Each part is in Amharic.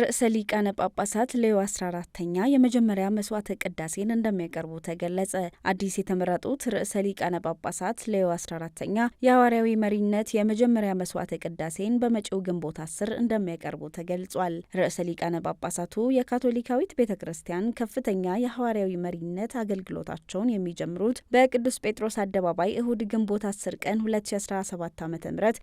ርዕሰ ሊቃነ ጳጳሳት ሌዮ 14ተኛ የመጀመሪያ መስዋዕተ ቅዳሴን እንደሚያቀርቡ ተገለጸ። አዲስ የተመረጡት ርዕሰ ሊቃነ ጳጳሳት ሌዮ 14ተኛ የሐዋርያዊ መሪነት የመጀመሪያ መስዋዕተ ቅዳሴን በመጪው ግንቦት 10 እንደሚያቀርቡ ተገልጿል። ርዕሰ ሊቃነ ጳጳሳቱ የካቶሊካዊት ቤተ ክርስቲያን ከፍተኛ የሐዋርያዊ መሪነት አገልግሎታቸውን የሚጀምሩት በቅዱስ ጴጥሮስ አደባባይ እሁድ ግንቦት 10 ቀን 2017 ዓ ም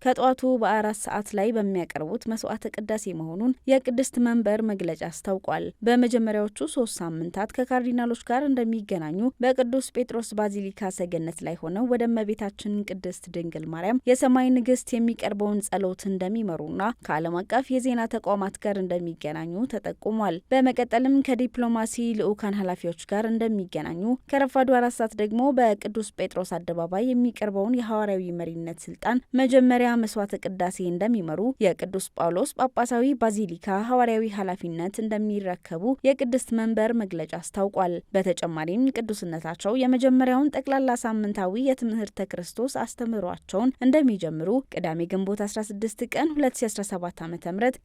ከጠዋቱ በአራት ሰዓት ላይ በሚያቀርቡት መስዋዕተ ቅዳሴ መሆኑን የቅድስት መንግስት መንበር መግለጫ አስታውቋል። በመጀመሪያዎቹ ሶስት ሳምንታት ከካርዲናሎች ጋር እንደሚገናኙ በቅዱስ ጴጥሮስ ባዚሊካ ሰገነት ላይ ሆነው ወደ እመቤታችን ቅድስት ድንግል ማርያም የሰማይ ንግስት የሚቀርበውን ጸሎት እንደሚመሩና ከዓለም አቀፍ የዜና ተቋማት ጋር እንደሚገናኙ ተጠቁሟል። በመቀጠልም ከዲፕሎማሲ ልዑካን ኃላፊዎች ጋር እንደሚገናኙ ከረፋዱ አራት ሰዓት ደግሞ በቅዱስ ጴጥሮስ አደባባይ የሚቀርበውን የሐዋርያዊ መሪነት ስልጣን መጀመሪያ መስዋዕተ ቅዳሴ እንደሚመሩ የቅዱስ ጳውሎስ ጳጳሳዊ ባዚሊካ ተግባራዊ ኃላፊነት እንደሚረከቡ የቅድስት መንበር መግለጫ አስታውቋል። በተጨማሪም ቅዱስነታቸው የመጀመሪያውን ጠቅላላ ሳምንታዊ የትምህርተ ክርስቶስ አስተምሯቸውን እንደሚጀምሩ ቅዳሜ ግንቦት 16 ቀን 2017 ዓ ም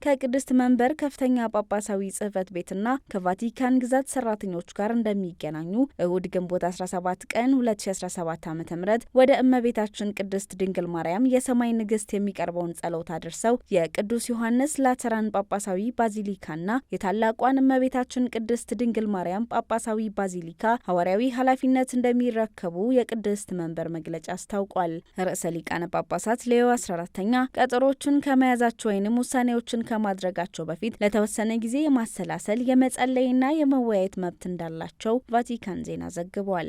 ከቅድስት መንበር ከፍተኛ ጳጳሳዊ ጽህፈት ቤትና ከቫቲካን ግዛት ሰራተኞች ጋር እንደሚገናኙ እሁድ ግንቦት 17 ቀን 2017 ዓ ም ወደ እመቤታችን ቅድስት ድንግል ማርያም የሰማይ ንግስት የሚቀርበውን ጸሎት አድርሰው የቅዱስ ዮሐንስ ላተራን ጳጳሳዊ ባዚሊካና የታላቋን እመቤታችን ቅድስት ድንግል ማርያም ጳጳሳዊ ባዚሊካ ሐዋርያዊ ኃላፊነት እንደሚረከቡ የቅድስት መንበር መግለጫ አስታውቋል። ርዕሰ ሊቃነ ጳጳሳት ሌዮ 14ተኛ ቀጠሮችን ከመያዛቸው ወይንም ውሳኔዎችን ከማድረጋቸው በፊት ለተወሰነ ጊዜ የማሰላሰል የመጸለይና የመወያየት መብት እንዳላቸው ቫቲካን ዜና ዘግቧል።